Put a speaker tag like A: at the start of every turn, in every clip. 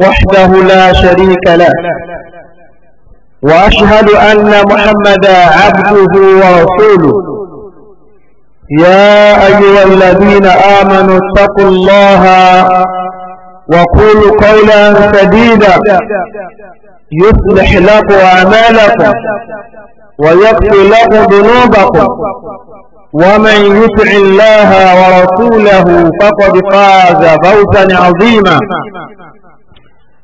A: وحده لا شريك له وأشهد أن محمدا عبده ورسوله يا أيها الذين آمنوا اتقوا الله وقولوا قولا سديدا يصلح لكم أعمالكم ويغفر لكم ذنوبكم ومن يطع الله ورسوله فقد فاز فوزا عظيما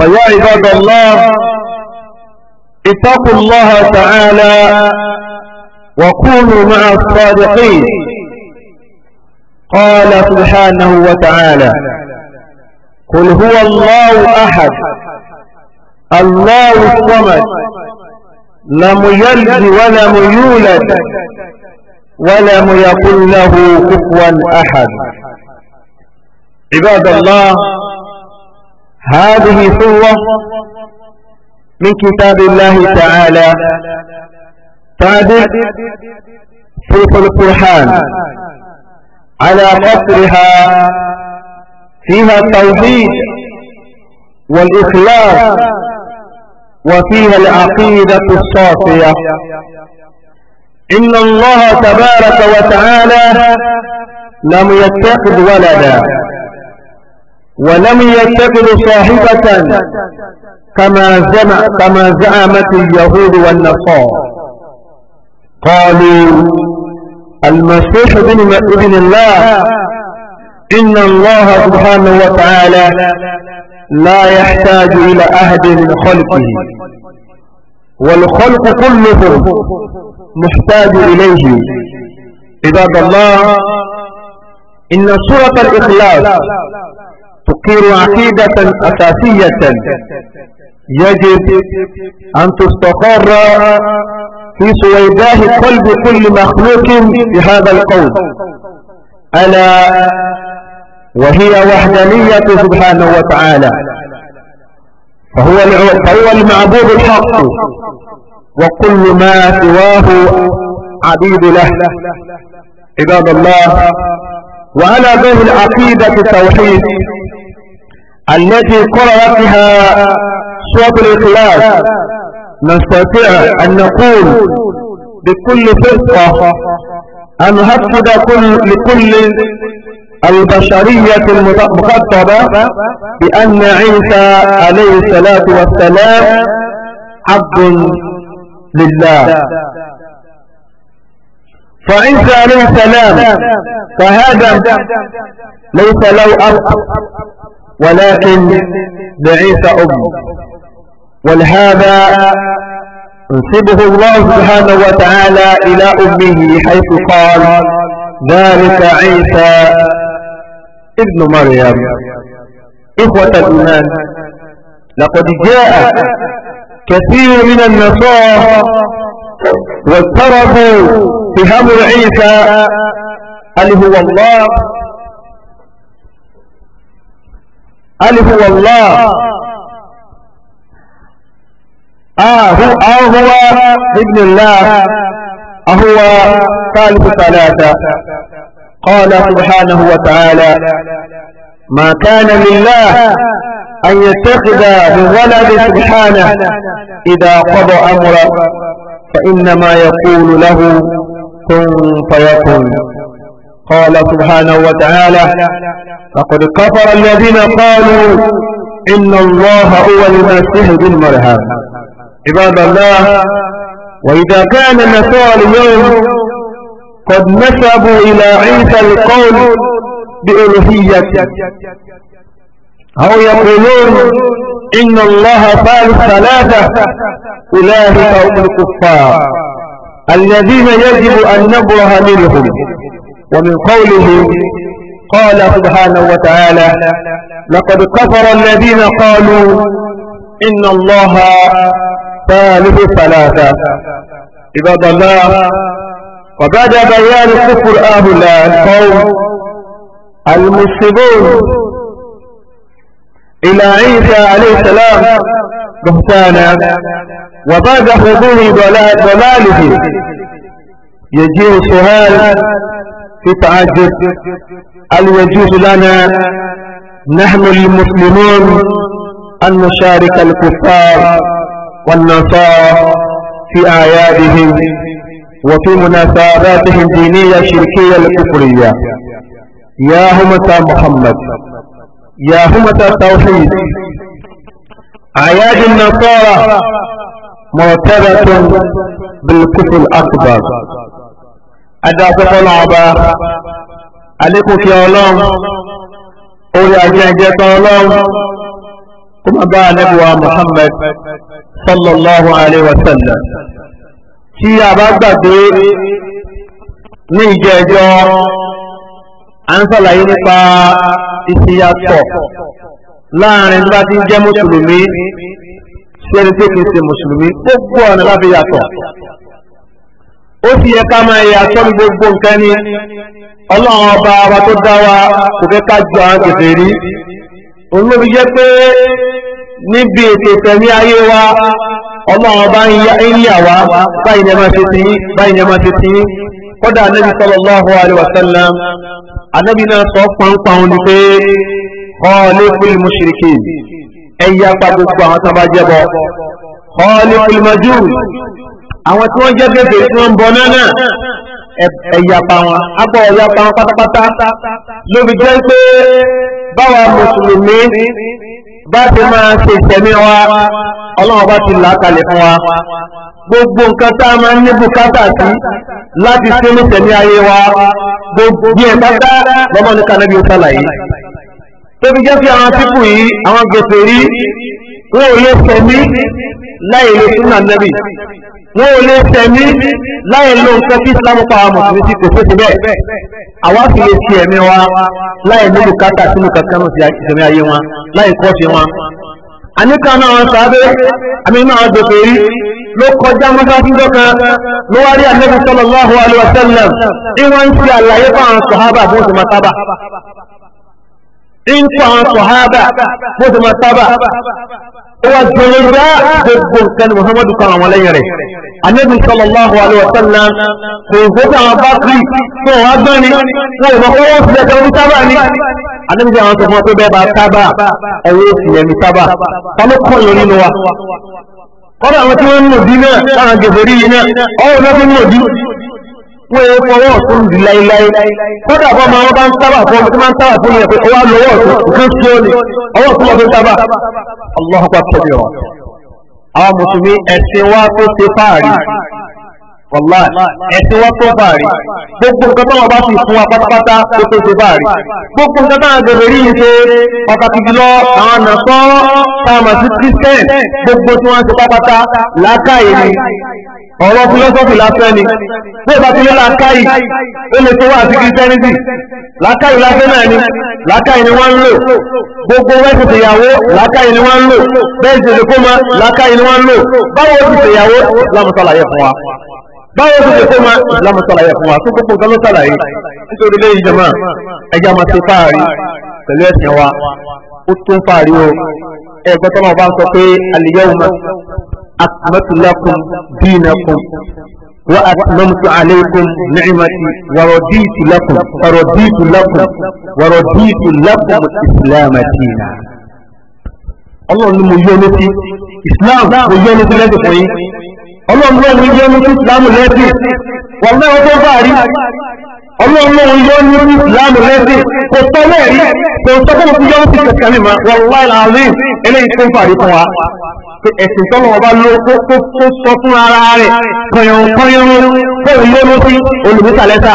A: فيا عباد الله اتقوا الله تعالى وكونوا مع الصادقين قال سبحانه وتعالى قل هو الله أحد الله الصمد لم يلد ولم يولد ولم يكن له كفوا أحد عباد الله هذه صورة من كتاب الله تعالى تعدل سوق القرحان على قصرها فيها التوحيد والإخلاص وفيها العقيدة الصافية إن الله تبارك وتعالى لم يتخذ ولدا ولم يتخذ صاحبة كما زعم كما زعمت اليهود والنصارى قالوا المسيح بن ابن الله إن الله سبحانه وتعالى
B: لا يحتاج إلى
A: أحد من خلقه والخلق كله محتاج إليه عباد الله إن سورة الإخلاص تذكر عقيدة أساسية يجب أن تستقر في سويداه قلب كل مخلوق بهذا القول ألا وهي وحدانية سبحانه وتعالى فهو فهو المعبود الحق وكل ما سواه عبيد له عباد الله
B: وعلى به العقيدة
A: التوحيد التي قرأ بها صوت الإخلاص نستطيع أن نقول بكل فرقة أن هكذا لكل البشرية المخطبة بأن عيسى عليه الصلاة والسلام عبد لله فعيسى عليه السلام فهذا ليس له أرض ولكن بعيسى أم ولهذا انسبه الله سبحانه وتعالى إلى أمه حيث قال ذلك عيسى ابن مريم إخوة الإيمان لقد جاء كثير من النصارى واضطربوا في عيسى هل هو الله هل هو الله آه هو آه هو ابن الله أهو آه، ثالث ثلاثة قال سبحانه وتعالى ما كان لله أن يتخذ من ولد سبحانه إذا قضى امرا فإنما يقول له كن فيكون قال سبحانه وتعالى فقد كفر الذين قالوا إن الله هو المسيح ابن مريم عباد الله وإذا كان النصارى اليوم قد نسبوا إلى عيسى القول بألوهيته أو يقولون إن الله ثالث ثلاثة اله هم الكفار الذين يجب أن نبره منهم ومن قوله قال سبحانه وتعالى لقد كفر الذين قالوا إن الله ثالث ثلاثة عباد الله وبعد بيان كفر اهل القوم المسلمون إلى عيسى عليه السلام بهتانا وبعد حضور ضلاله يجيء سؤال في هل يجوز لنا نحن المسلمون أن نشارك الكفار والنصارى في أعيادهم وفي مناسباتهم الدينية الشركية الكفرية يا همة محمد يا همة التوحيد أعياد النصارى مرتبة بالكفر الأكبر adáfẹ́fọ́ náà ọba àlékún kí ọlọ́run orí ajẹ́jẹ́ tán ọlọ́run kó máa bá ànábìwá Muhammad sallallahu alayhi wa sallam tí a bá gbàgbé ní ìjẹ́jọ́ à ń sàlàyé nípa ìṣìyàtọ̀ láàrin bá ti mùsùlùmí sí ẹni tó kìí ṣe mùsùlùmí gbogbo ọ̀nà láfi yàtọ̀ ó sì yẹ ká máa yẹ asọ́nù gbogbo nǹkan ni ọlọ́run ọba wa tó dá wa kò fẹ́ ká ju àwọn tètè rí òun ló fi jẹ́ pé níbi ètò ìfẹ̀mí ayé wa ọlọ́run ọba ń yà wá báyìí ni ẹ máa ṣe ti yín báyìí ni ẹ máa ṣe ti yín kódà anábì sallallahu alaihi wasallam anábì náà sọ pọ́npọ́n ni pé khaliqul mushrikin ẹ̀yà pa gbogbo àwọn tó bá jẹ́ bọ́ khaliqul majus àwọn tí wọ́n jẹ́ bèbè tí wọ́n ń bọ náà náà ẹ̀yàpá wọn abọ́ ẹ̀yàpá wọn pátápátá lóbi jẹ́ pé báwa mùsùlùmí bá ti máa ṣe ìtẹ̀mí wa ọlọ́run bá ti là á kalẹ̀ fún wa gbogbo nǹkan tá a máa ń ní bùkátà sí láti ṣe ní tẹ̀mí ayé wa gbogbo bí ẹ̀ pátá lọ́mọ ní kanabi ṣàlàyé tóbi jẹ́ pé àwọn pípù yìí àwọn gbèsè rí wọn ò lè tẹ̀mí láì lo súnà nẹ́bì wọn ò lè tẹ̀mí láì lo nǹkan tí islam pa mùsùlùmí sí kò sí bẹ́ẹ̀ àwa sì lè ti ẹ̀mí wa láì nílò kátà sínú kankan sí ìṣẹ̀mí ayé wọn láì wọn. náà wọn àmì náà rí ló kọjá ló wá rí ń kọ́ àwọn sọ̀hábà bó ti máa sábà ó wá gbẹ̀rẹ̀ bá gbogbo nǹkan ní muhammadu kan àwọn lẹ́yìn rẹ̀ anabi sallallahu alaihi wa sallam kò gbogbo àwọn bákìrì tó wá gbẹ́ni wọn ò mọ̀ kó wọ́n fi ẹ̀kọ́ ní sábà ni anabi sọ àwọn sọfún ọ pé bẹ́ẹ̀ bá sábà ẹ̀wọ́ sì yẹn sábà tọ́lú kọ́ yọ nínú wa kọ́dọ̀ àwọn tí wọ́n ń lòdì náà láwọn gẹ̀gẹ̀rí yìí náà ọ̀rọ̀ wọ́n yẹ fọwọ́ ọ̀tún rí láíláí kódà bọ́ máa bá ń sábà fún ọmọ tí máa ń sábà fún yẹn pé ọwọ́ lọ́wọ́ ọ̀tún kí ó ní ọwọ́ ọ̀tún lọ́fẹ́ sábà Allahu àwọn wàláì ẹ̀sìn wa tó báàrí gbogbo nǹkan tó wà bá sì fún wa pátápátá tó tó ṣe báàrí gbogbo nǹkan tó àgbẹ̀ lórí yìí ṣe pàtàkì jùlọ àwọn nàṣọ́ táwọn àti christian gbogbo tí wọ́n ṣe pátápátá làákàyè ni
B: ọ̀rọ̀ fílọ́sọ́fì lásán ni bí ìbá ti lé làákàyè ó lè tó wà sí christianity
A: làákàyè lásán náà ni làákàyè ni wọ́n ń lò gbogbo wẹ́ẹ̀sì tìyàwó làákàyè ni wọ́n ń lò bẹ́ẹ̀ sì lè kó ma làákàyè ni wọ́n ń lò báwo ti tìyàwó lámùsọ̀làyé fún wa. báwo ló ṣe kó máa ìsìlámù ṣàlàyé fún wa tó gbogbo nǹkan ṣàlàyé nítorí lẹ́yìn jama ẹja máa ṣe fáàrí pẹ̀lú ẹ̀sìn wa ó tún fáàrí o ẹ̀gbọ́n tó bá ń sọ pé wa atmamtu alaykum ni'mati wa raditu lakum wa raditu lakum wa raditu lakum ni mo yọ islam mo yọ na lẹ́dùn fún yín. ọlọ́run yóò ní ìsìlámù lẹ́sìn wọ́n náà tó bá rí ọlọ́run yóò ní ìsìlámù lẹ́sìn kò tọ́ lẹ́rí kò tọ́ kó fi yọ́n sí ẹ̀sìn tọ́lọ̀ ọba ló tó sọ fún ara rẹ̀ kọyọ̀nkọyọ̀n fóun ló ló sí olùmísàlẹ́sà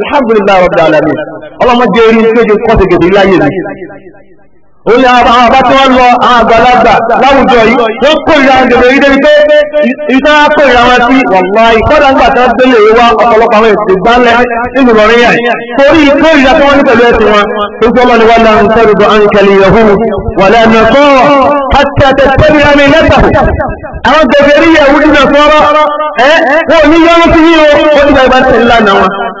A: alhamdulilayi rabbil alamin ọlọ́mọdé orí tó ṣe kọ́sẹ̀ gèdè láyé mi ó ní àwọn àbá tí wọ́n lọ àwọn àgbàlagbà láwùjọ yìí wọ́n kórìíra àwọn ìdèrè ìdèrè pé iṣẹ́ á kórìíra wọn sí wàlá ìkọ́dà ń gbà tí wọ́n délé wá ọ̀pọ̀lọpọ̀ àwọn èsì gbálẹ̀ nínú ìrọ̀rìn yà torí kórìíra tí wọ́n ní pẹ̀lú ẹ̀sìn wọn tó gbọ́ lọ ní wà láwọn sẹ́rùbọ̀ ànkẹ́lì yahu wà lẹ́nu kọ́ àti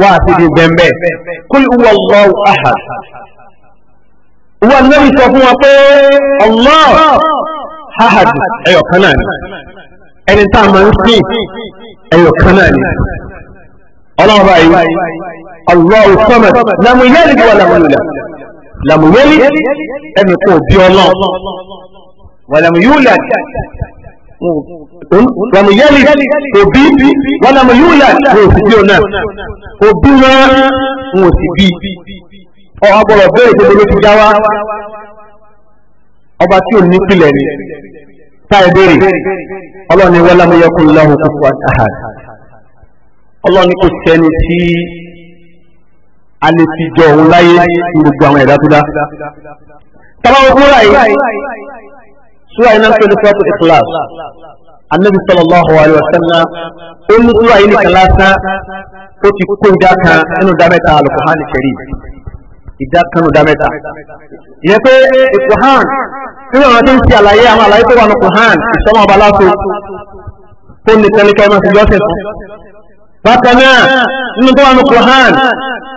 A: wá sí ti bẹ̀m̀bẹ̀ kúl uwallahu ahad wọ́n lórí sọ fún wọn pé allah ahad ẹyọ kan náà ni ẹni tá a máa ń sìn ẹyọ kan náà ni ọlọ́run báyìí allah samad lamu yẹ́lì bí wà lamu yẹ́lì lamu yẹ́lì ẹnì kan bí ọlọ́run wà lamu yúlẹ̀ wàmù òbí wọn sì bí ọ̀nà òbí wọn wọn sì bí ọ̀gbọ̀rọ̀ bẹ́ẹ̀ tó ló ti já wa ọba tí ò ní pilẹ̀ ni táì béèrè ọlọ́ni wàlámù yẹkùn lọ́hùn kúkú a lè sura yìí náà ń pè ní sọ́ọ̀tù ikhlas anabi sallallahu alayhi wa sallam ó ní sura yìí nìkan lásán ó ti kó ìdá kan nínú dámẹ́ta alukuhani kẹrì ìdá kan nínú dámẹ́ta ìyẹn pé ìkuhan nínú àwọn tí ń ṣe àlàyé àwọn àlàyé tó wà ní kuhan ìṣọ́mọ̀ ọba láti ó ní tẹ́lẹ̀kẹ́ máa ti jọ́sẹ̀ fún bákan náà nínú tó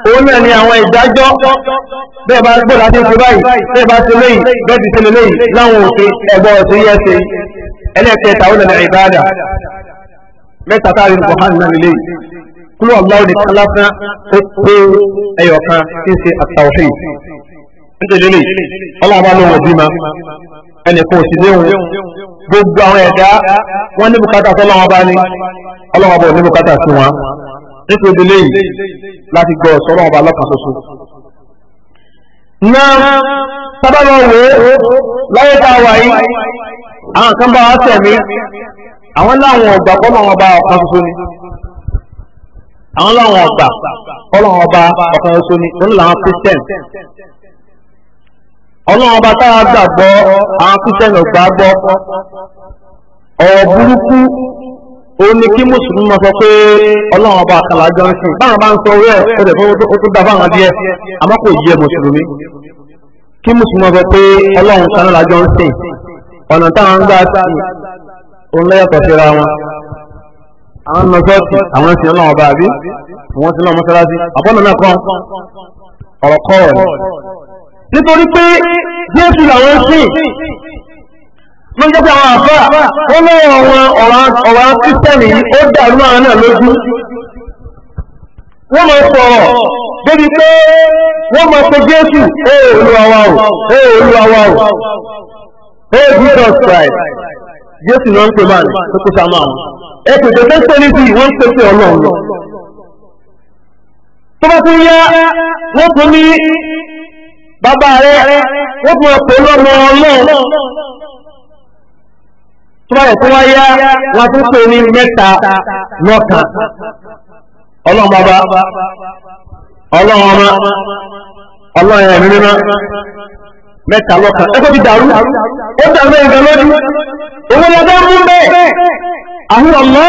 A: òun náà ni àwọn ìdájọ́
B: bẹ́ẹ̀ bá gbọ́ láti ṣe báyìí bẹ́ẹ̀ bá ṣe léyìí bẹ́ẹ̀ ti ṣe léyìí láwọn òfin ẹ̀gbọ́n ọ̀sìn yẹ́ ṣe
A: ẹlẹ́ẹ̀kẹta ó lẹ́nu ìbáàdà mẹ́ta táàrin buhan náà nílé kúlù ọlọ́wọ́ nìkan lásán ó pé ẹyọ kan tí ń ṣe àtàwọ̀fẹ́ nítorí lè ọlọ́wọ́ bá lóun òbí
B: ẹnì kan òsì léwu
A: gbogbo àwọn ẹ̀dá wọn ní bùkátà bá ní ọlọ́wọ́ bá ní sí wọn nítorí eléyìí láti gbọ́ sọ́rọ̀ ọba lọ́kàn ṣoṣo. na sábàbọ̀ wo láyé tá a wà yìí àwọn kan bá wa àwọn láwọn kọ́nà ọba ọ̀kan ni àwọn láwọn ọgbà kọ́nà ọba ọ̀kan ni làwọn ọlọ́run ọba táwa gbàgbọ́ àwọn gbọ́ ọ̀rọ̀ burúkú ó ní kí mùsùlùmí máa sọ pé ọlọ́run ọba àkàlà jọ ń sìn báwọn bá ń sọ orí ẹ̀ ó dẹ̀ fún ó tó dá fáwọn díẹ̀ àmọ́ kò yẹ mùsùlùmí kí mùsùlùmí máa sọ pé ọlọ́run kan náà jọ ń sìn ọ̀nà táwọn ń gbà sí òun lẹ́yàtọ̀ síra wọn
B: àwọn ń lọ sọ́ọ̀tì àwọn ń sin ọlọ́run ọba àbí
A: wọ́n ti lọ́ọ́ mọ́sálásí àbọ̀nà náà kan ọ̀rọ̀ kọ́ ọ̀rọ̀ nítorí pé Jésù làwọn sìn ló jẹ́ àwọn àfá ó lọ́wọ́ ọ̀rọ̀ ó dàrú àwọn náà lójú wọ́n sọ̀rọ̀ débi pé wọ́n jésù o ee olúwa jesus christ jésù ló ń pe máa tó kó sáà máa ẹ kò tó tó sẹ́ni bí wọ́n ń pe ọlọ́run lọ tó bá tún yá tọ́yẹ̀ tó wá yá wọn tó pè ní mẹ́ta lọ́kàn ọlọ́mọba ọlọ́mọba ọlọ́yẹ̀ ẹ̀mí mímọ́ mẹ́ta lọ́kàn ẹ̀kọ́ ti dàrú ó dàrú ẹ̀gbẹ́ lójú òun lọ́dọ́ mú bẹ́ẹ̀ àwọn ọmọ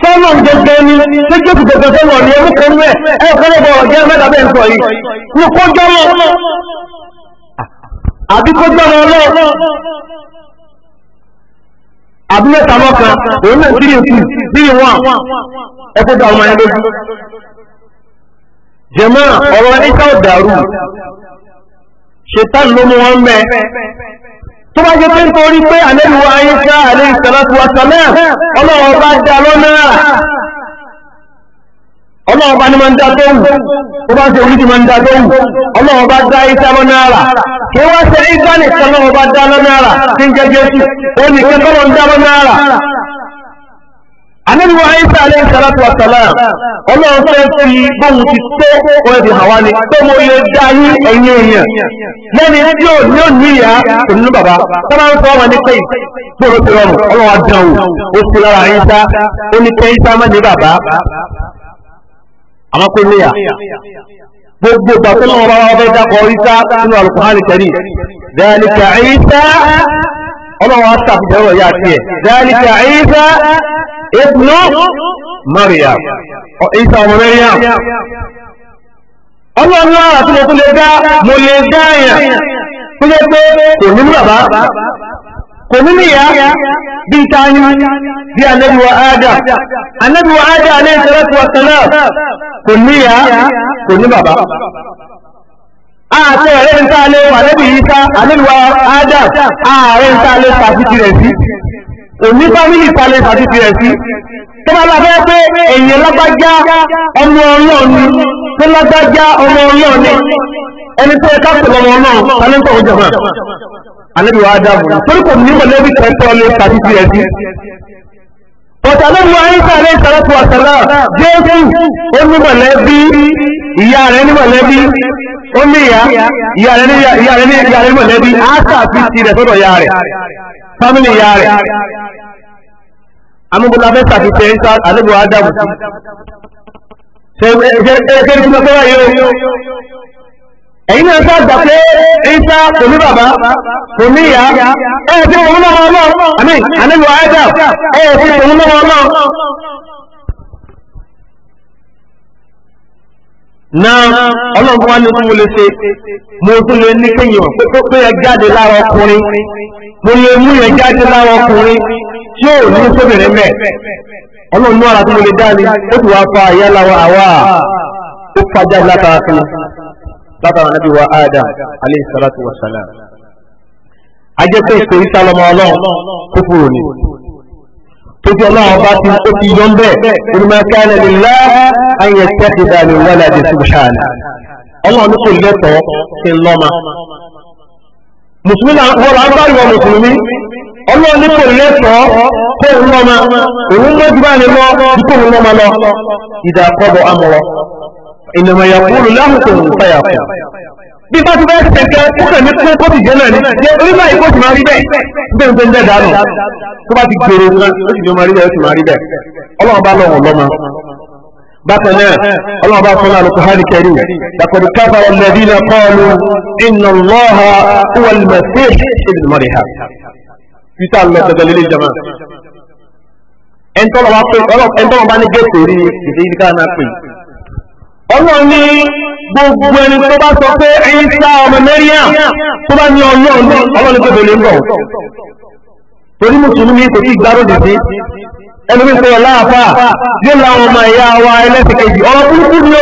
A: sọ́nà gbogbo ni lójú òkú gbogbo sọ́nà ní orúkọ mú ẹ̀ ẹ̀ kọ́lọ́gbọ̀ ọ̀jẹ́ mẹ́ta bẹ́ẹ̀ sọ yìí ní kó jọ́mọ́ àbí kó jọ́mọ́ ọlọ́ọ̀ àbí mẹ́ta lọ́kan òun náà tírì tù tírì wọn ẹkú dá ọmọ yẹn lójú. jẹ̀mọ́ ọ̀rọ̀ ẹ̀ka ò dàrú ṣètàn ló mú wọn mẹ́ tó bá jẹ́ pé nítorí pé àlẹ́ ìwọ ayé ká àlẹ́ ìsàlátù wa sàlẹ́ ọlọ́wọ́ bá dá lọ́nà ọlọ́ọ̀bá ní máa ń dá tóhùn tó bá ṣe oríṣi máa ń dá tóhùn ọlọ́ọ̀bá dá isa mọ́ náírà kí wá ṣe isa nìkan lọ́ọ̀bá dá lọ náírà tí ń jẹ́ jésù ó ní kí tọ́lọ̀ ń dá lọ náírà anábìwọ̀ isa alẹ́ ìsàlátù àtàlá ọlọ́run fẹ́ fi bóhun ti tó ọ̀rẹ́ fi hàwá ni tó mo yẹ dá ní ẹ̀yìn èèyàn lẹ́ni tí ò ní ò ìyá òní bàbá tó máa ń sọ wọn ní pé gbòòrò ti rọrùn ọlọ́run adánwò ó sì lára isa ó ní pé isa má ní bàbá àmọ́ kó níyà gbogbo ìgbà tó lọ́wọ́ bá wọ́n fẹ́ dákọ̀ ìsá nínú Al-Qur'ani Karim dhalika ìsá ọlọ́wọ́ àtàkùjọ́rọ̀ yá tiẹ̀ dhalika ìsá ibnu Maryam ìsá ọmọ Maryam ọlọ́run àti mo lè dá mo lè kò ní bàbá kò ní níyà bí tani bí Ànábì wa Adam ada wa Adam alayhi salatu wa salam kò níyà kò ní bàbá àti ẹ̀rẹ́ ń tà lé Ànábì Isa Ànábì wa Adam ààrẹ ń tà lé sàfitì rẹ̀ sí
B: òní fámílì palẹ̀ tàbí tirẹ̀ sí
A: tó bá lábẹ́ pé èyàn lágbájá ọmọ ọlọ́ọ̀ni tó lágbájá ọmọ ọlọ́ọ̀ni ẹni tó ẹ̀ká pẹ̀lú ọmọ náà talẹ́ńtọ̀ ọjọ́ náà alẹ́bí wa dáàbò torí kò ní mọ̀lẹ́bí kẹtọ́ lé tàbí tirẹ̀ sí
B: ọ̀tàlẹ́bù àyíká alẹ́ ìsàlẹ́kù àtàlá
A: jésù ó ní mọ̀lẹ́bí ìyá rẹ̀ ní mọ̀lẹ́bí ó ní ìyá ìyá rẹ̀ ní ìyá rẹ̀ ní ìyá rẹ̀ ní mọ̀lẹ́bí áṣà fi ti rẹ̀ sọ́dọ̀ ìyá rẹ̀ fámìlì ìyá rẹ̀ ẹ̀yin náà sá gbà pé ìsá kò bàbá kò ìyá ẹ̀ tí òun lọ́wọ́ ọlọ́run àmì ànílò na ọlọ́run wa ní kúmọ̀ lè ṣe mo tún lè ní kéèyàn pé pé ẹ jáde lára ọkùnrin mo lè mú yẹn jáde lára ọkùnrin tí ò ní sóbìnrin ọlọ́run mo lè dá ó ti wá fa lára àwa ó fa jáde látara látara nàbí wa adam aleyhi salatu wa salam ajẹ́pẹ́ ìpèrí sálọmọ ọlọ́run kúkúrò ni tóbi ọlọ́run bá ti ó ti yọ ń bẹ́ẹ̀ onímọ̀ọ́ká ẹni lá ayẹ tẹ́kìdá ni wọ́n láti subhana ọlọ́run kò lẹ́tọ̀ọ́ lọ́mà mùsùlùmí náà wọ́n rà á bá ìwọ mùsùlùmí
B: ọlọ́run kò lẹ́tọ̀ọ́
A: ìnàmọ̀ ìyàkúrò láhùkò fàyàkù bí bá ti bẹ́ẹ̀ ti tẹ̀kẹ́ púpẹ̀ ní pé kóòtù jẹ́ náà ní jẹ́ orílẹ̀ èdè kóòtù máa rí bẹ́ẹ̀ bẹ́ẹ̀ tó ń jẹ́ dànù tó bá ti gbèrò ó sì jọ máa rí bẹ́ẹ̀ ó sì máa rí bẹ́ẹ̀ ọlọ́run bá lọ́wọ́ lọ́mọ bákan náà ọlọ́run bá fún ní káfà náà kọ́ọ̀lù iná lọ́ha ọlọ́run ní gbogbo ẹni tó bá sọ pé ẹ̀yìn sá ọmọ mẹ́ríà tó bá ní ọlọ́run ọlọ́run tó bèèrè ń bọ̀ torí mùsùlùmí kò tí gbárò dìde ẹni wípé ọláàfà yóò láwọn ọmọ ẹ̀yà wa ẹlẹ́sìn kejì ọ̀rọ̀ burúkú ni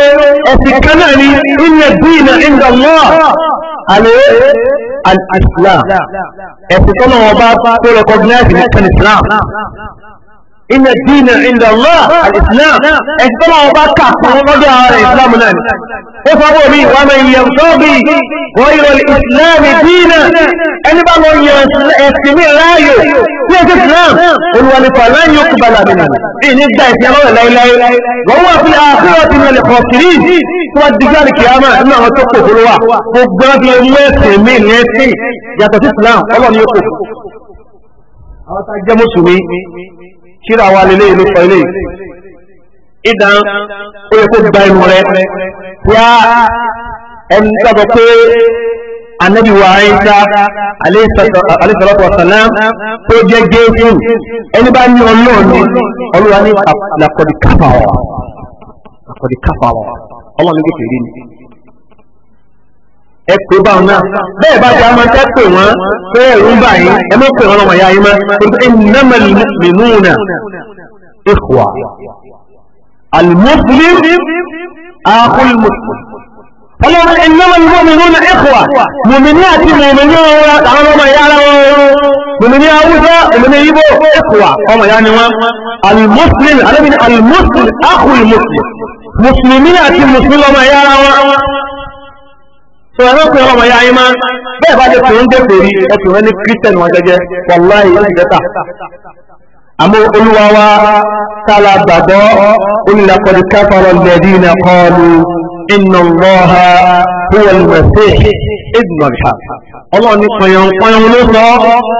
A: ó ẹ̀sìn kan náà ni ilẹ̀ dínà ìgbà lọ́wọ́ àlẹ́ al-islam ẹ̀sìn tọ́lọ́wọ́ bá tó rẹ̀kọ́gínáìsì ní kan inna dina inda Allah al-islam ẹ̀sìn tọ́lá ọba kà fún ọdún ààrẹ islam náà ni ó sọ́bọ̀ mi wà mẹ́ ìyẹn sọ́bì wọ́yọ̀ islam dina ẹni bá lọ yẹ ẹ̀sìn mi ráyò tí ó ti islam olùwàlùfà láyé òkú bala mi nìyí bí ní gba ẹ̀sìn ọlọ́rẹ̀ láíláí wọ́n wà fún àkúrò tí wọ́n kọ̀ kiri tí wọ́n digbá ní kìámà nínú àwọn tó kò fúlọ́wà gbogbo bí mú ẹ̀sìn mi lẹ́sìn yàtọ̀ sí islam ọlọ́run yóò kò àwọn kíra wa lè léyìn ló sọ ilé ìdán ó yẹ kó gba ẹnu rẹ wá ẹni sábà pé anabi wa ayisa alayisalaatu wa salam tó jẹ géésù ẹni bá ní ọlọ́ọ̀ni ọlọ́wà ní lakọ̀dí káfà wa lakọ̀dí káfà wa ọlọ́ọ̀ni kékeré ni ẹ pè báwọn náà bẹ́ẹ̀ bá dáa máa tẹ́pẹ̀ wọn
B: pé ẹ̀rù ń bà yín ẹ má pè
A: wọn ọmọ ìyá yín mọ́ innamal mu'minuna ikhwa al-muslim akhul muslim ọlọ́run innamal mu'minuna ikhwa mùmìnì àti mùmìnì àwọn ọmọ ìyá ara wọn mùmìnì awúsá mùmìnì yíbó ikhwa ọmọ ìyá ni wọn al-muslim alábìnrin al-muslim akhul muslim mùsùlùmí àti mùsùlùmí ọmọ ìyá ara wọn sọ ẹ̀rọ pé ọmọ ya ayé máa bẹ́ẹ̀ bá lè pè ń dẹ̀pẹ̀ rí ẹ̀pẹ̀ rẹ ní kírísítẹ̀nì wọn gẹ́gẹ́ wàláì ó sì lẹ́tà àmọ́ olúwa wa tààlà gbàgbọ́ olùlàkọ̀dé káfàrọ̀ lẹ́dí iná kọlu iná lọ́ha huwa lùmọ̀sẹ̀ ìdùnnàlá ọlọ́run ní pọ̀yàn pọ̀yàn ló sọ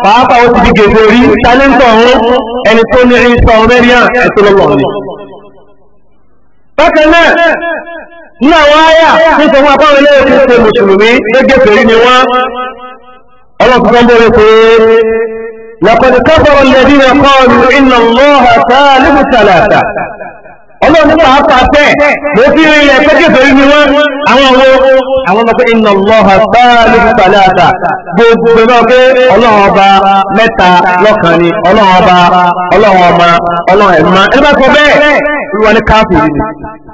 A: pàápàá ó ti di gègé rí tálẹ́ńtọ̀ ọ̀hún ẹni tó ní ìsọ̀
B: ní àwọn àyà ní sọ fún apáwọn ilé ìfún ṣe mùsùlùmí gẹ́gẹ́ pẹ̀lú ni wọ́n
A: ọlọ́pùpọ̀ bẹ̀rẹ̀ pé lọ́kọ̀dì kọ́bọ̀rọ̀ lẹ́bí rẹ̀ kọ́ọ̀lù iná lọ́ha sáàlùmù sàlàtà ọlọ́run pàápàá tẹ̀ mo fi rí ilẹ̀ pẹ́kẹ́ pẹ̀lú ni wọ́n àwọn owó àwọn ọmọ pé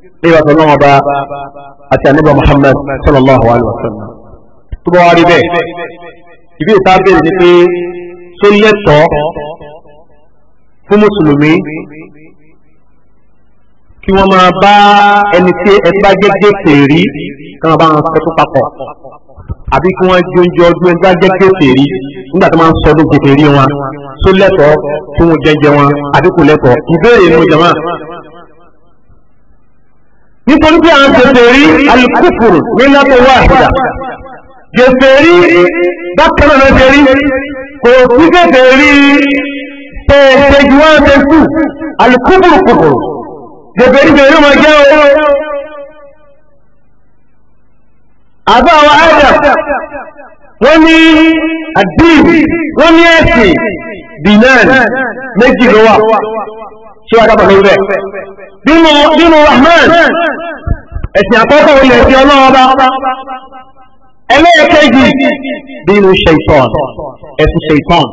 A: nígbà tó náà bá àti àníbà Muhammad sallallahu alayhi wa sallam tó bá wá rí bẹ́ẹ̀ ìbí ìta bẹ́ẹ̀ ni pé tó lẹ́tọ̀ọ́ fún mùsùlùmí kí wọ́n máa bá ẹni tí ẹgbẹ́ gẹ́gẹ́ fèrí kí wọ́n bá wọn fẹ́tún papọ̀ àbí kí wọ́n jẹ oúnjẹ ọdún ẹgbẹ́ gẹ́gẹ́ fèrí nígbà tó máa ń sọdún gẹ́gẹ́ rí wọn tó lẹ́tọ̀ọ́ tó wọn jẹjẹ wọn àbí kò lẹ́tọ̀ọ́ ìbéèrè mu jama nítorí pé àwọn kèfèrí alìkúfùrù nílátọ̀ wáhìdà kèfèrí bákanáà náà ṣe rí kò sí kèfèrí tẹ̀ẹ̀tẹ̀jú wọ́n tẹ̀ sí alìkúfùrù kùfùrù kèfèrí kèfèrí ma jẹ́ owó àbá àwọn àjà wọ́n ní àdìs wọ́n ní ẹ̀sìn dinan méjì ló wà tí wọ́n dábàá lórí rẹ̀ nínú rahman ẹ̀sìn àkọ́kọ́ olè ti ọlọ́ọba ẹlẹ́ẹ̀kejì nínú ṣèitán ẹ̀sìn ṣèitán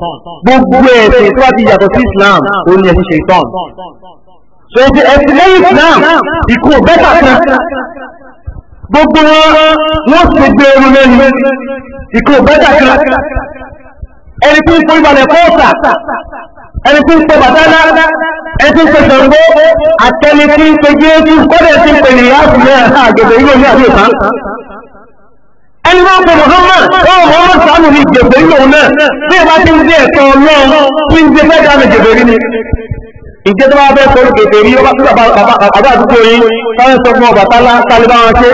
A: gbogbo ẹ̀sìn tó bá ti yàtọ̀ sí islam ó ní ẹ̀sìn ṣèitán so ẹ̀sìn ẹ̀sìn lẹ́yìn islam ìkú bẹ́tà kan gbogbo wọn wọ́n ti gbé ẹrú lẹ́yìn ìkú bẹ́tà kan ẹni tí ń fún ìbàlẹ̀ fọ́ọ̀tà ẹni tí ń pè bàtálá ẹni tí ń pè sọ̀rọ̀ àtẹni tí ń pè jésù kọ́dẹ̀ tí ń pè ní yáàfù náà àgbègbè ilé ìlú àbí ìfà ẹni náà pè Muhammad ọwọ́ Muhammad sàánù ní ìjẹ̀bẹ̀ ìlú òun náà bí ìbá ti ń dé ẹ̀tọ́ ọlọ́run tí ń dé fẹ́ dáná ìjẹ̀bẹ̀ rí ni
B: ìjẹ́ tó bá fẹ́ sọ̀rọ̀ kèfè rí ọba tó bàbá àdúgbò yìí táwọn sọ fún ọbàtálá tálíbá wọn ṣe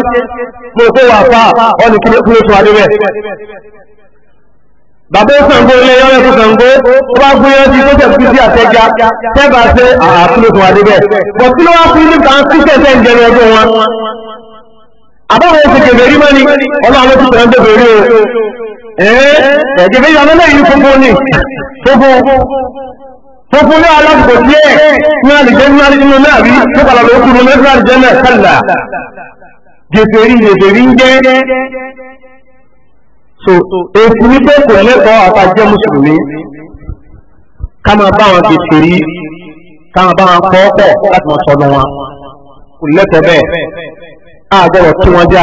A: mo tó wà fà ọ́ nìkílé fún oṣù adébẹ̀ bàbá òsàngó ilé yọ́rẹ́ tó sàngó tó bá gbé yọ́jú tó tẹ̀ fi sí àtẹ́já tẹ́bà ṣe àkúrò tó wà débẹ̀ bọ̀ tí ló wá fún nípa sí tẹ̀sẹ̀ ń jẹun ọdún wọn. àbáwọ̀ oṣù kẹfẹ́ rí mọ́ni ọlọ́ àwọn tó tẹ̀lé bẹ̀rẹ̀ rí o. ẹ̀ẹ́ ẹ̀jẹ̀bẹ̀ yọ ọlọ́lẹ̀ yìí funfun ni funfun funfun ní alákòókò tí ní àlìjẹ́ ní àlìjẹ́ so èsì ní pé kò ẹlẹ́kọ̀ọ́ àtàjẹ́ mùsùlùmí ká máa bá wọn gbèsè rí ká máa bá wọn pọ̀ pọ̀ láti máa sọnù wọn kò lẹ́tọ̀ọ́ bẹ́ẹ̀ á gbọ́dọ̀ tí wọ́n já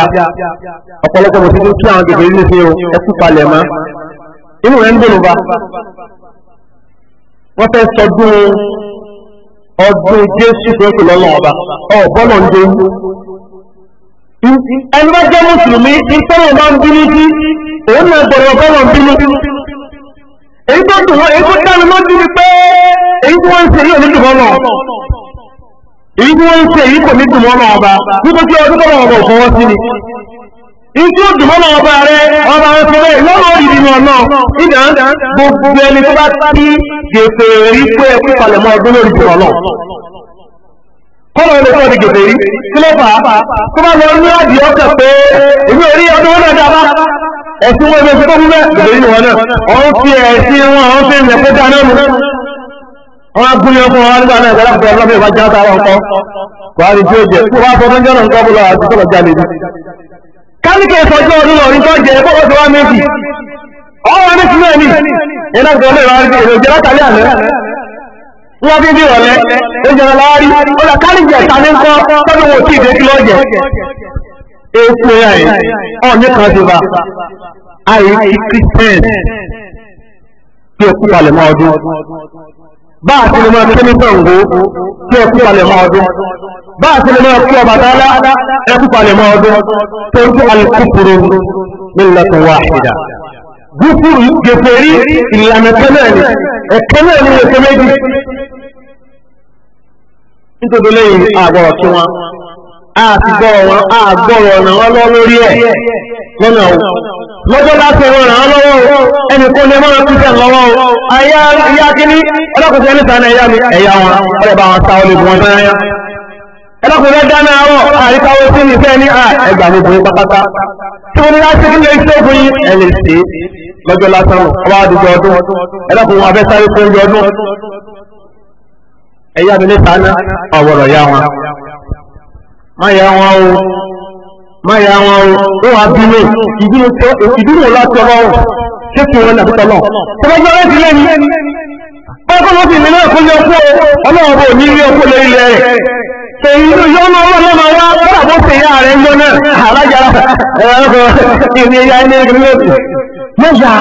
A: ọ̀pọ̀lọpọ̀ mo ti ní kí àwọn gbèsè rí nífi o ẹ kú palẹ̀ mọ́ inú rẹ̀ ń dùn bá wọ́n fẹ́ sọdún ọdún Jésù tó ń pè lọ́lọ́ ọba ọ̀ bọ́lọ̀ ń dé ẹni bá jẹ́ mùsùlùmí ìtọ́nà bá ń bínú sí òun náà bọ̀rọ̀ bọ́rọ̀ bínú èyí tó dùn èyí tó dánu lójú ni pé èyí tí wọ́n ń ṣe yìí ò ní dùn mọ́nà èyí tí wọ́n ń ṣe yìí kò ní dùn mọ́nà ọba nígbà tí ọdún bọ́rọ̀ ọba òfin wọn sí ni èyí tí ó dùn mọ́nà ọba rẹ ọba rẹ fi rẹ lọ́nà ìdí ni ọ̀nà ìdá gbogbo ẹni tó bá ti gbèsè rí pé ẹkú palẹ̀mọ́ ọdún lórí dùn ọlọ́ọ̀ kọ́lọ̀ ẹni kọ́lọ̀ ti gèdè rí kí ló fà á tó bá lọ ní àdì ọkàn pé èmi rí ọdún náà dábàá ẹ̀sìn wọn ẹgbẹ́ tó fúnbẹ́ gèdè yìí wọn náà wọ́n fi ẹ̀sìn wọn fi mu á fún wọn nígbà náà ìgbàlá ọkọ wà á tí wọ́n bí bí ọ̀lẹ́ ìjọba láwárí ó lọ kárìjẹ ìtàní ń kọ́ tọ́jú wọn tí ìdẹ́kí lọ́jẹ̀ èkó ẹ̀ ọ̀ní kan ti bá àyè kí christian tí ó kúkalẹ̀ mọ́ ọdún bá a ti lè máa kí ní Ṣàngó tí ó kúkalẹ̀ mọ́ ọdún
B: bá a ti lè máa kú Ọbàtálá ẹ kúkalẹ̀ mọ́ ọdún tó ń kú alẹ́ kúkúrú
A: nílẹ̀ tó wá àṣìdá. gúúfùrù gẹ̀fẹ̀ rí ìlànà wọn lọ lórí wọn ràn o sàn mi wọn bá wọn wọn dáná sí ní ẹgbàá yín pátápátá tí ní láti ní ilé yín ẹ lè ṣe é lọ́jọ́ lásán nù ọba àdìjọ ọdún ẹlẹ́kùn wọn abẹ́ sáré fún ọjọ́ ọdún ẹ̀yà mi níta ná ọ̀wọ̀rọ̀ ya wọn. má ya wọn o má ya wọn o ó wàá bínú ìbínú tó láti wọn ti lé ní. mọ́ṣà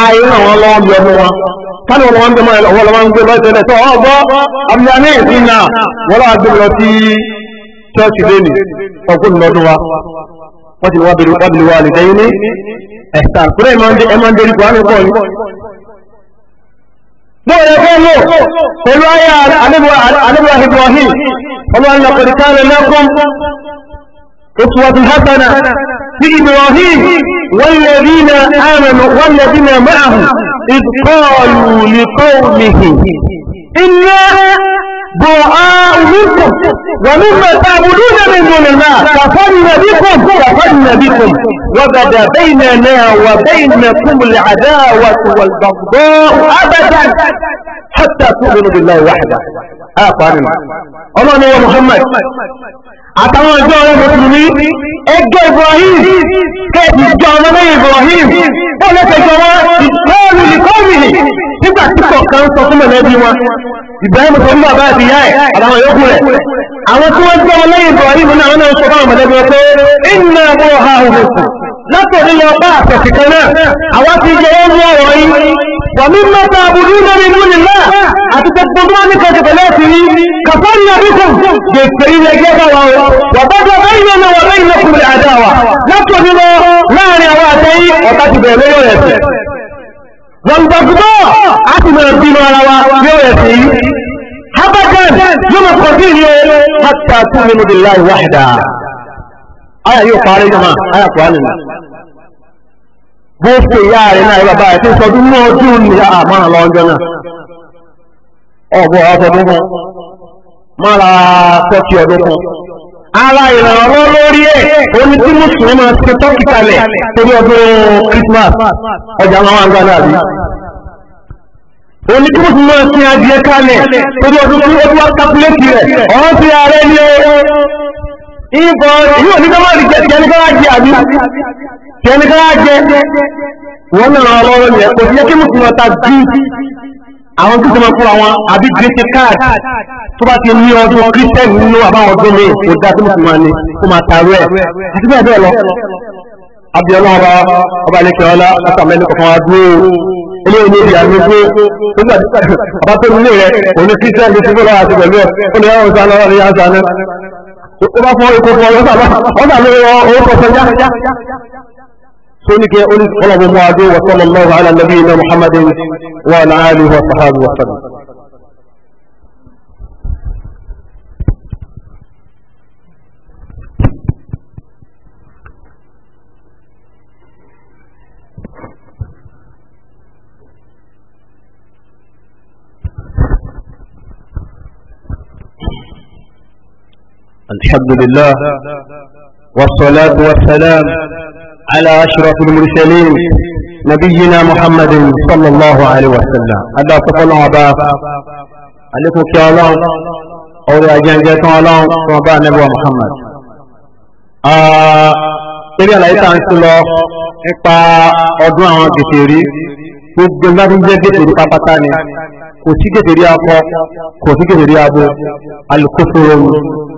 A: ààyè náà wọ́n lọ́wọ́ bí ọmọ wọn kánú wọn wọ́n gbẹmọ́ ọwọ́ lọ́wọ́ ń gbé bọ́ ìṣẹ̀lẹ̀ tó ọgbọ́ abúlé sí náà wọ́n lọ́wọ́ gbé lọ sí ṣọ́ọ̀ṣì lẹ́nu ọgbọ́n lọ́dún wa wọ́n ti wá bèrè wá bèrè wá lè dẹ́yìn ní ẹ̀sà kúrẹ́ ẹ̀ máa ń dérí kó á ní pọ̀ ní bóòrè fóònù pẹ̀lú ayé alẹ́bùwà ibrahim ọlọ́run lọ́kọ̀dìkan lẹ́kùn ó ti wá ti hásánà لإبراهيم والذين آمنوا والذين معه إذ قالوا لقومه إنا دعاء منكم ومما تعبدون من دون الله كفرنا بكم كفرنا بكم وبدا بيننا وبينكم العداوة والبغضاء أبدا حتى تؤمنوا بالله وحده آخرين آه الله يا محمد àtàwọn ọjọ́ ọ̀rẹ́ mùsùlùmí ẹgbẹ́ Ibrahim kẹ́ẹ̀kì jọ ọmọ lẹ́yìn Ibrahim wọ́n lẹ́kẹ̀ jọ wọ́n ìṣẹ́lù ìkọ́mìnì nígbà tí kọ̀ọ̀kan sọ fún mẹ̀lẹ́bí wọn Ibrahim sọ fún bàbá àti ìyá ẹ̀ àtàwọn yòókù rẹ̀ àwọn tí wọ́n jọ ọmọ Ibrahim náà náà sọ fún mẹ̀lẹ́bí wọn pé iná mọ́ ha òhùn látòrí lọ bá àtẹ̀sì náà àwọn ti jẹ́ ó mú ọ̀rọ̀ yìí wàmí mẹ́ta àbúrú lórí ìlú nílá àti tẹ́kùn tó wá ní kẹsì pẹ̀lú ẹ̀sìn ní kàfáàní àbíkùn gbèsè ilẹ̀ ẹgbẹ́ bá wa wà bá jọ bẹ́yìn náà wà bẹ́yìn lọ́kùnrin àdá wa látò nínú láàrin àwọn àtẹ́yìn ọ̀tá ti bẹ̀rẹ̀ lórí ẹ̀sìn wọ́n gbàgbọ́ a ti mẹ́rẹ̀ bí inú ara wa lórí ẹ̀sìn yìí habakan yóò mọ̀ kọ̀ọ̀tì ní o hatta tu'minu billahi wahda aya yóò parí jama aya kọ́ bó ṣe ìyá rẹ̀ náà bàbá rẹ̀ tí ń sọdún ní ọdún ní àmọ́ràn lọ́jọ́ náà ọ̀bọ̀ ọ̀sọ̀dún fún máa ra tọ́kì ọdún fún ara ìrànlọ́ lórí ẹ̀ oní tí mùsùlùmí máa ti tọ́kì kalẹ̀ torí ọdún Christmas ọjà máa wà ń gbà dàbí oní tí mùsùlùmí máa ti adìẹ kalẹ̀ torí ọdún tí ó ti wá kápúlẹ̀tì rẹ̀ ọ̀hún ti ààrẹ ní ọ̀hún ìbọ̀ yóò ní kọ́wọ́ rí jẹ́ tẹnikáwà jẹ́ àbí tẹnikáwà jẹ́ wọ́n náà rán ọlọ́rọ̀ yẹ kò sí kí mùsùlùmí ọ̀tá bí àwọn tó sọmọ fún àwọn àbí gírísì káàdì tó bá ti ní ọdún kírísítẹ́nì nínú àbáwọn ọdún mi kò dá sí mùsùlùmí ni kó máa tààrọ ẹ̀ àti bẹ́ẹ̀ bẹ́ẹ̀ lọ abiola ọba ọba ilé kẹrọlá látàmẹ́ni kọ̀ọ̀kan wa dúró ilé ìlú ìyá mi gbé ọba tó nílé rẹ òní kírísítẹ́nì ti fún lọ́wọ́ àti pẹ̀lú ẹ̀ ó lè yáwó sáná ó lè yáwó sáná ó bá fọ ikú fún ọ lọ́sà lórí owó kọ̀ọ̀kan já. سونك يقول قلب معاذ وصلى الله على نبينا محمد وعلى آله وصحبه وسلم الحمد لله والصلاة والسلام على أشرف المرسلين نبينا محمد صلى الله عليه وسلم أدى تقول عباك عليكم يا الله أولي أجنجة الله وعبا نبوة محمد إذا لا يتعنس الله nípa ọdún àwọn kèfèrí gbogbo ńlá tó ń jẹ́ kèfèrí pápátá ni kò sí kèfèrí akọ kò sí kèfèrí abo alukófóró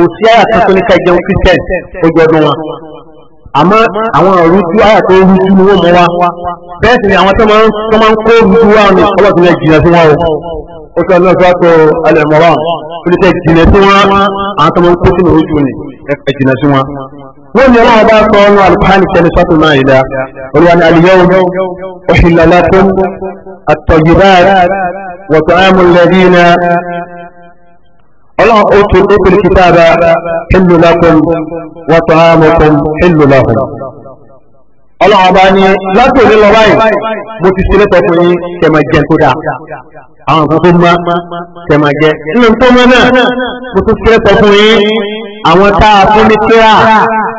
A: kò sí àyà kan tó ní ká jẹun christian ojú ọdún wa àmọ́ àwọn rújú àyà tó rújú ni wọ́n mọ wa bẹ́ẹ̀ sì ni àwọn tó máa ń kó rújú wa ni ọlọ́sìn náà jìnnà sí wọn o ó sọ náà sọ́tò alẹ́mọ̀ràn ó lè tẹ̀ jìnnà sí wọn àwọn tó máa ń kó sínú rújú ni ẹ̀ jìnnà sí wọn. wọ́n ní ọlọ́run bá sọ ọ́nà alùpàánì kẹ́ni sọ́tò náà yìí dá olúwa ni aliyahun òṣìlá látún àtọ̀jùbá ọlọ́run ó tún ó tún kìtàbà hìlù lakum wa ta'amukum hìlù lahum. ọlọ́run ọba ní láti òní lọ báyìí mo ti sílẹ̀ tọ́kùn yín kẹmà jẹ tó dáa àwọn nǹkan tó má kẹmà jẹ nínú tó mọ́ náà mo tún sílẹ̀ tọ́kùn yín
B: àwọn tá a fún ní kíá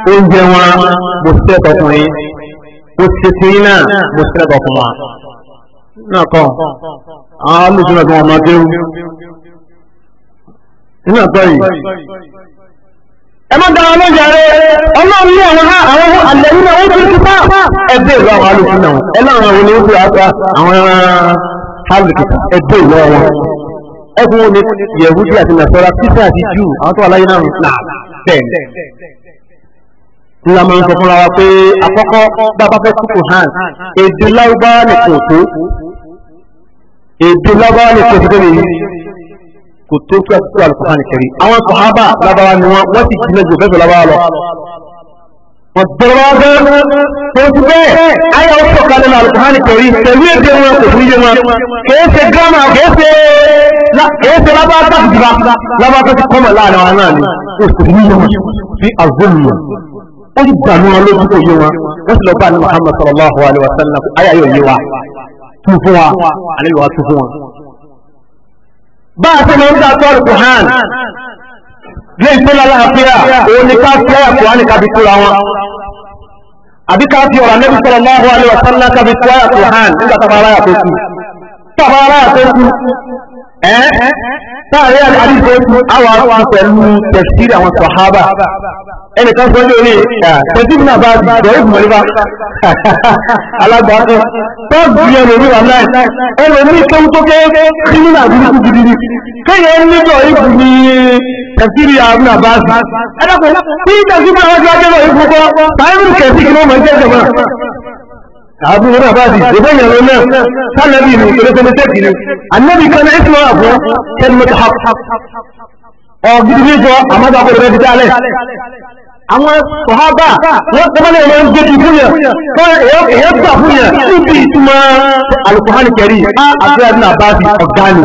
A: oúnjẹ wọn mo sílẹ̀ tọ́kùn yín mo ti ti yín náà mo sílẹ̀ tọ́kùn wọn. náà kọ́ àwọn alùpùpù náà tó nínú ọ̀tọ́ yìí ẹ má dára ló yàrá ọlọ́run ní àwọn àwọn àlẹ́yìn náà ó ti ti bá ẹgbẹ́ ìlú àwọn alùpùpù náà ẹ láwọn àwọn ènìyàn fi àgbà àwọn alùpùpù ẹgbẹ́ ìlú àwọn ẹkùn òní yẹ̀húdí àti nàṣọ́ra pípẹ́ àti jù àwọn tó wà láyé náà nà bẹ́ẹ̀ ńlá máa ń sọ fúnra wa pé àkọ́kọ́ bàbá fẹ́ kúkú hàn èdè lágbára nìkan tó èdè lágbára nìkan tó kò tó fẹ́ kó alukóhánì kiri àwọn sàhábà labawa ni wọn wọ́n ti jìnnà jù fẹ́fẹ́ labawa lọ. wọ́n tọrọ bẹ́ tó ti bẹ́ẹ̀ ayé wọn sọ̀ka nínú alukóhánì kiri pẹ̀lú èdè wọn kò fún yé wọn kìí ṣe gírámà kìí ṣe kìí ṣe labawa tó ti dira labawa tó ti kọ́mọ̀ láàrin wọn náà ni o kò fún yé wọn bí azọ́nù ó ti dànù wọn lójú kò yé wọn wọ́n ti lọ bá ní Muhammad sallallahu alayhi wa sallam ayé ayé òye wa tún fún wa alẹ́ yóò wá fún wọn bá a ti máa ń gbà tó àlùkò hàn
B: lè tó lálàáfíà òun ni ká fi àyàkó hàn ká fi kóra wọn
A: àbí ká fi ọ̀rọ̀ Ànábì sallallahu alaihi wasallam ká fi kó àyàkó hàn nígbà tá a bá aráyà tó bá aráyà tó ẹ́ eh, eh. táàrí àdìgbò àwọn àwọn pẹ̀lú tẹ̀síìrì àwọn sọ̀hábà ẹnìkan sọ ní orí ah, tẹ̀síìrì náà bá jọ ìgbìmọ̀ nípa alágbàáfẹ́ tọ́ọ̀bù yẹn lórí wà náà ẹnì orí kéwú tó ké kírímìnà burúkú gidi ni kéye níjọ ìbù ní tẹ̀síìrì àwọn àbáàsì ẹnìkan tí tẹ̀síìrì àwọn ìbù kọ́ tàbí kẹ̀síìrì náà mọ̀ àbí wọn náà bá di ìgbẹ́ ìyàwó náà sálẹ́bì ní ìpínlẹ̀ tẹ́kì ni anábì kan náà ìtumọ̀ àfọ́ kẹ́lìmọ́tò hap ọ̀gidi bí sọ àmọ́tò àkọ́dọ̀ bẹ́ẹ̀ ti dálẹ̀ àwọn sọ̀hábà wọ́n tẹ́lẹ̀ lè ń gbé ìfún yẹn kọ́ èyẹ́ gbà fún yẹn níbi ìtumọ̀ alùpùpù hàn kẹrì àti àdínà di ọ̀gá ni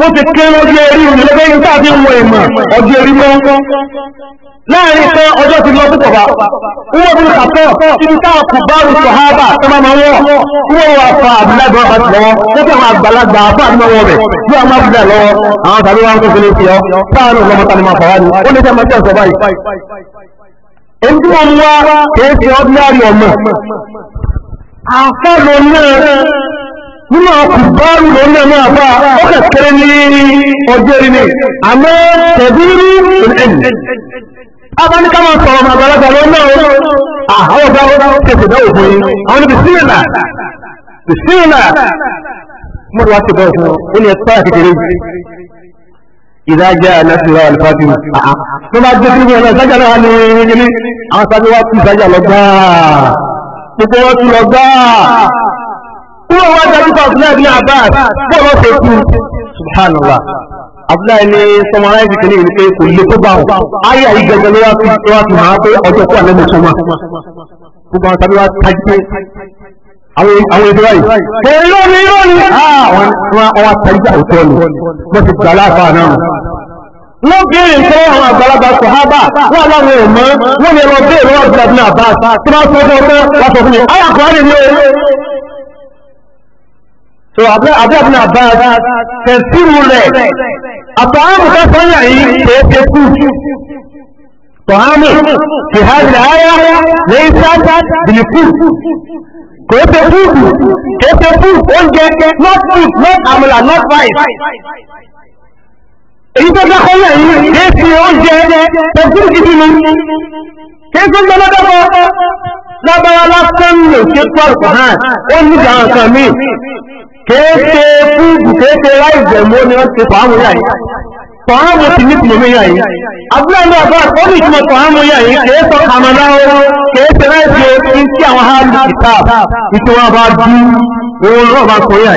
A: bó ti ké lọ́jọ́ orí òní lọ́gbẹ́ yìí tá a fi ń wọ ìmọ̀ ọjọ́ orí mọ́
B: láàrin pé ọjọ́ ti lọ púpọ̀ bá
A: wọ́n bí kàtọ́ ibi táwọn kò bá rú sọ̀hábà tó máa máa wọ̀ wọ́n wà fa àbúlágbà ọba ti lọ́wọ́ wọ́n fi àwọn àgbàlagbà àbá àti lọ́wọ́ rẹ̀ bí wọ́n máa bìlẹ̀ lọ́wọ́ àwọn tàbí wọn kò fi lè fi ọ́ táwọn ọlọ́mọ tani máa fọwọ́ ni ó lè jẹ́ máa tẹ̀sọ̀ báyìí. èyí tí ọmọ àfọ́lọ́ nínú àkùbárù lórí ẹ̀mí àbá ó kẹ̀kẹ́rẹ́ ní ọjọ́ rí ni àmọ́ tẹ̀bírú ẹ̀n abáníká máa sọ̀rọ̀ àgbàlagbà lọ́nà àwọn ọ̀gá ó tẹ̀sẹ̀ bẹ́ẹ̀ òfin àwọn ibi sílẹ̀là sílẹ̀là mọ́tò wá ti bẹ́ẹ̀ fún ọ ní ẹ̀tọ́ àkékeré ìdájá nàìjíríà alifájú tó bá jẹ́ sí ìwọ̀n ìdájá náà ní ìrìnlẹ̀ àwọn sábẹ́ wá tún ìdájá lọ wọ́n wá dájú kan abdullahi bin abbas bọ́ọ̀ lọ́ọ́ fẹ́ kú subhanallah abdullahi ni sọmọláìsì kìíní yìí pé kò lè tó bá wọn ayé àyè gẹ́gẹ́ ló wá fi wá fi hàn pé ọjọ́ kó àlẹ́ mọ̀tún wa gbogbo àwọn tàbí wá tají pé àwọn èdè wáyé kò irọ́ ni irọ́ ni wọ́n wá tají àwùjọ ni wọ́n ti gbà láàfà náà wọ́n béèrè fún àwọn àgbàlagbà sọ̀hábà wọ́n láwọn ò wọ́n lè lọ béèrè wọ́n sọ fún mi tó abúlábùn àbá tẹ̀síru rẹ̀ àtọ̀hámù kásánlá yìí tẹ̀ẹ́tẹ̀ kú tọ̀hámù fi hajjì àyà ní ìsáàtà bìlìkú kòótẹ́ fúùdù kòótẹ́ fúùdù oúnjẹ not food not amala not rice èyí tó dákọ́ yẹ̀ yìí kìí fi oúnjẹ tẹ̀síru gidi ni kìí tó gbọ́dọ̀ dọ́kọ́ lábára lásán lò ṣe pọ̀ hàn ó ní ìjà nǹkan míì kéèké fúùdù kéèké láìjẹ̀mú ni wọ́n ti fàámu yà yìí fàámu ti ní tìmọ̀mí yà yìí abúlé náà bá ó ní ìtumọ̀ fàámu yà yìí kéè sọ kàmàdá owó kéè ṣe láìsí ohun tí àwọn hálù kìtà ìtò wọn bá dú owó náà bá sọ yà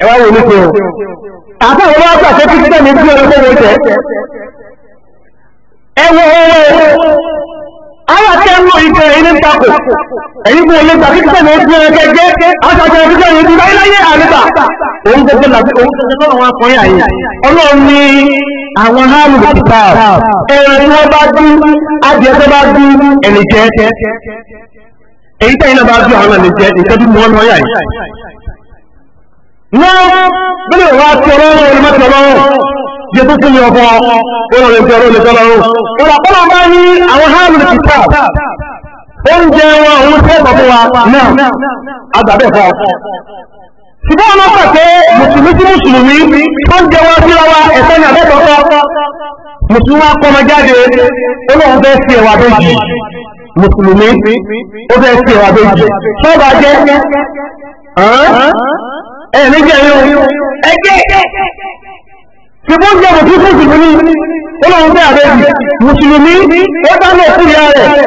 A: ẹ wá wo ní pé o
B: àbá wọn bá gbà pé kí bí ọdún wọ́n jẹ́
A: ẹ wọ owó àwọn tí a ń lọ ìtẹ̀ ẹni ń takò ẹ̀yìn kò lè gbà kí kíkọ́ ní ojú ẹgbẹ́ gẹ́gẹ́ àtàkùn ẹ̀rí kan yìí láyé láyé àlébà òun gbogbo làbí òun gbogbo oúnjẹ wọn òun tẹ́ ẹ̀kọ́ fún wa náà agbábẹ́ fún ọ. ṣùgbọ́n wọn kà pé mùsùlùmí sí mùsùlùmí tó ń jẹ wọn síra wa ẹ̀fẹ́ ní abẹ́ tọ́tọ́ mùsùlùmí wa kọ́ ọmọ jáde olóhùn fẹ́ sí ẹwà bẹ́ẹ̀ mùsùlùmí ó fẹ́ sí ẹwà bẹ́ẹ̀ tó bá jẹ́ ẹ̀ níjẹ̀ yóò ẹgbẹ́ ṣùgbọ́n oúnjẹ mùsùlùmí mùsùlùmí
B: olóhùn fẹ́ àbẹ́bí mùsùlùmí ó dá lọ fún ìyá rẹ̀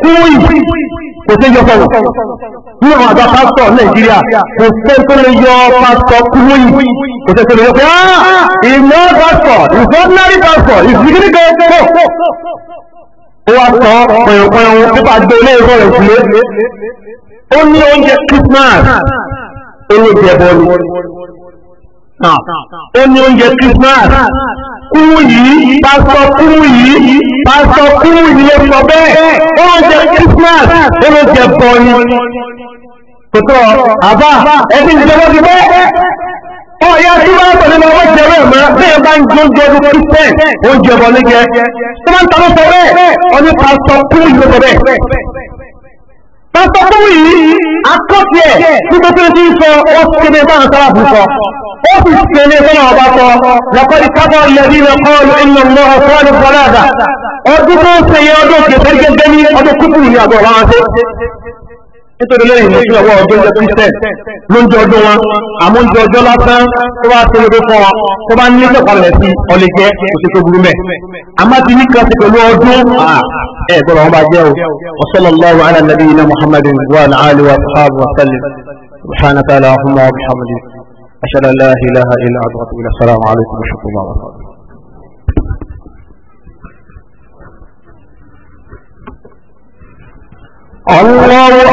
B: kúwì kò sí yọ sọ̀rọ̀ ní àwọn àgbà pásítọ̀ nàìjíríà kò sí tó lè yọ pásítọ̀
A: kúwì kò sí tó lè yọ pé ah ìmọ̀ pásítọ̀ ìfọ́nárì pásítọ̀ ìfikiri gẹ́gẹ́ ó wá sọ pẹ̀yọ̀pẹ̀yọ̀ nípa gbé ilé ẹ̀kọ́ rẹ̀ sílé ó ní oúnjẹ Christmas ó ní ìjẹ̀bọ̀ ni ó ní oúnjẹ Christmas kúrú yìí pásítọ̀ kúrú yìí pásítọ̀ kúrú yìí lè sọ bẹ́ẹ̀ ó ló jẹ Christmas ó ló jẹ bọ́ọ̀lì tòtò àbá ẹbí ìjọba ti bẹ́ẹ̀ ọ̀yá tí wọ́n pẹ̀lú ọmọ ọmọ ìjẹ̀rọ ẹ̀mọ́ bẹ́ẹ̀ bá ń gbóúnjẹ ọdún Christian oúnjẹ bọ̀ nígẹ̀ tó máa ń ta ló sọ bẹ́ẹ̀ ọdún pásítọ̀ kúrú yìí ló sọ bẹ́ẹ̀ pásọ tó wù yìí akọ́tì ẹ̀ nígbà tó ti ń sọ ó ti kéde bá àǹsára fún sọ ó sì kéde sọ́nà ọba sọ lọ́kọ́dí kábọ̀ lẹ́bí lọ́kọ́ ìlànà lọ́wọ́ fọ́ọ̀lù fọ́lá àdá ọdún tó ń sẹyẹ ọdún òkè tẹ́lẹ́gẹ́gẹ́ ní ọdún kúkúrú ní àgbọ̀ ọ̀rọ̀ وصلى الله على نبينا محمد وعلى اله واصحابه وسلم سبحانك اللهم وبحمدك اشهد ان لا اله الا انت السلام عليكم ورحمه الله وبركاته الله